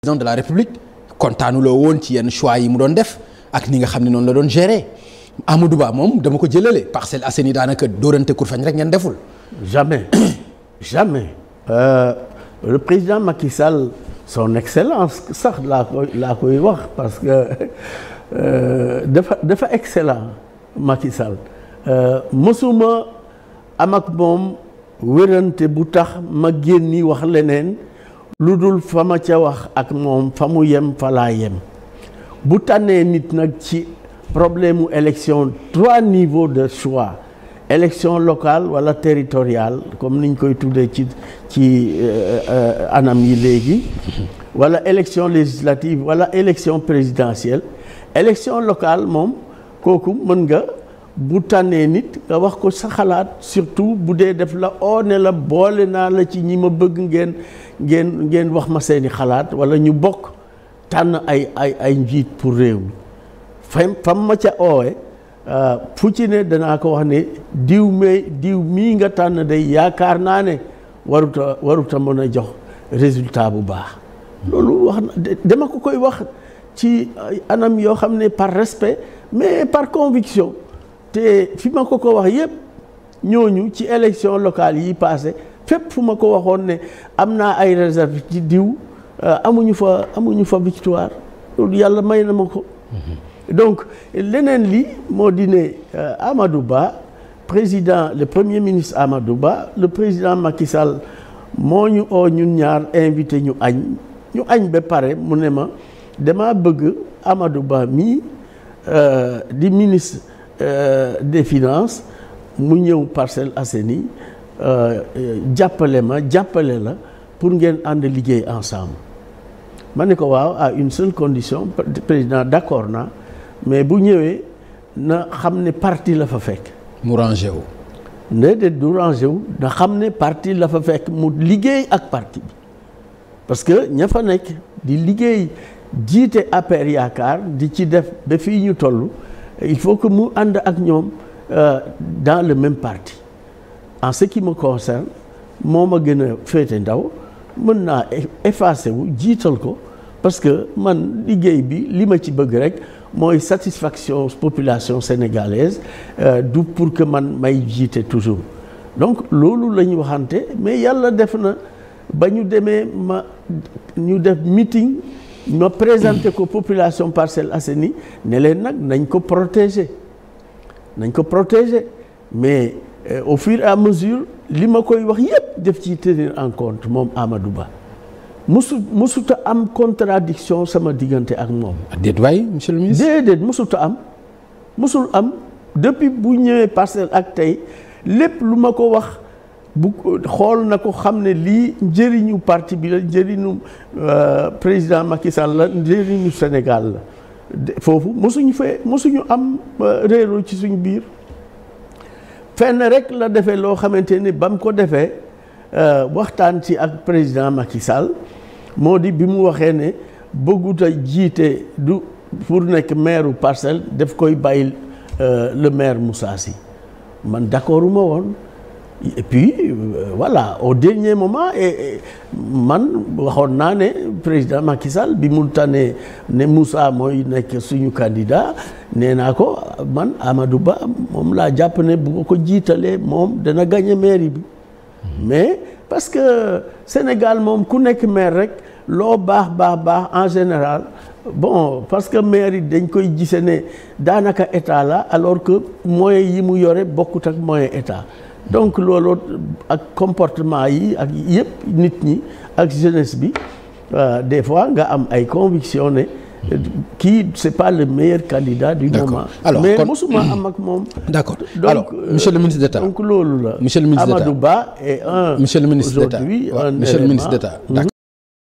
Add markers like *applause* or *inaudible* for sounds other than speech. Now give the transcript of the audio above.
président de la république kontaanuloo woon ci yenn choix yi mu doon def ak ni nga xam ne noonu la doon gérer Amadou Ba moom dama ko jëlale Parcelles Assainies daanaka dóorante kurfañ rek ngeen deful. jamais *coughs* jamais euh, le président Macky Sall son excellence sax laa koy laa koy wax parce que euh, dafa dafa excellent makisal Sall euh, mësuma am ak moom wérante bu tax ma génni wax leneen. lu dul fa ma ca wax ak moom fa mu yem fa yem bu tànnee nit nag ci problème mu élection trois niveaux de choix élection locale wala territoriale comme niñ koy tuddee ci ci euh, euh, anam yi léegi wala élection législative wala élection présidentielle élection locale moom kooku mën nga bu tànnee nit nga wax ko sa xalaat surtout bu dee def la oo ne la boole naa la ci ñi ma bëgg ngeen ngeen ngeen wax ma seeni xalaat walla ñu bokk tànn ay ay ay njiit pour réew mi fam fam ma ca oowe euh, fu ci ne danaa ko wax ne diw mee diw mii nga tànn day yaakaar naa ne waruta waruta mën a jox résultat bu baax loolu wax na dama ko koy wax ci anam yoo xam ne par respect mais par conviction te fi ma ko ko wax yépp ñooñu ci élection locale yi passé fépp fu ma ko waxoon ne am naa ay réserve ci diw euh, amuñu fa amuñu fa victoire loolu yàlla may na ma ko mhm. donc leneen li moo di ne euh, Amadou Ba président le premier ministre Amadou Ba le président Macky Sall moo ñu oo ñun ñaar invité ñu añ ñu añ ba pare mu ne ma dama bëgg Amadou Ba mii euh, di ministre Euh, des finances mu ñëw Parcelles Assainies euh, jàppale ma jàppale la pour ngeen ànd liggéey ensemble ma ne ko waaw à une seule condition président d'accord naa mais bu ñëwee na xam ne parti la fa fekk. mu wu. déedéet du wu na xam ne parti la fa fekk mu liggéey ak parti bi parce que ña fa nekk di liggéey jiite APR yaakaar di ci def ba fii ñu toll. il faut que mu ànd ak ñoom euh, dans le même partie en ce qui me concerne moo ma gën a féete ndaw mën naa e-, effacé wu jiital ko parce que man liggéey bi li ma ci bëgg rek mooy satisfaction population sénégalaise euh, du pour que man may jiite toujours donc loolu la waxante mais yàlla def na ba ñu demee ma ñu def meeting ma présenté ko population Parcelles Assainies ne leen nag nañ ko protéger nañ ko protéger mais euh, au fir et à mesure li ma koy wax yëpp def ci tenir en compte moom Amadou Ba musu musuta am contradiction sama diggante ak moom. déet waay monsieur le ministre. déedéet musuta am musul am depuis bu ñëwee Parcelles ak tey lépp lu ma ko wax. bu xool na ko xam ne lii njëriñu parti bi la njëriñu euh, président Macky Sall la njëriñu Sénégal la foofu mosuñu fee mësuñu am euh, réeroo ci suñu biir fenn rek la defee loo xamante ni bam ko defee euh, waxtaan si ak président Macky Sall moo di bi mu waxee ne bëggut a jiite du pour nekk maire parcelle def koy bàyyil le maire Moussa Sy man d'accorduma woon et puis euh, voilà au dernier moment et man waxoon naa ne président Macky Sall bi mun tànnee ne Moussa mooy nekk suñu candidat nee naa ko man Amadou Ba moom laa jàpp ne bu ko jiitalee moom dana gagné mairie bi mais parce que Sénégal moom ku nekk maire rek loo baax baax baax en général bon parce que maire yi dañ koy gise ne daanaka état la alors que moyens yi mu yore bokkut ak moyen état donc loolu ak comportement yi ak yëpp nit ñi ak jeunesse bi euh, des fois nga am ay conviction ne kii c'est pas le meilleur candidat du moment alors mais mosuma am ak moom *clears throat* d'accord alors euh, monsieur le ministre d'État donc loolu la monsieur le ministre d'État Amadou Ba est un monsieur le ministre d'État aujourd'hui un monsieur le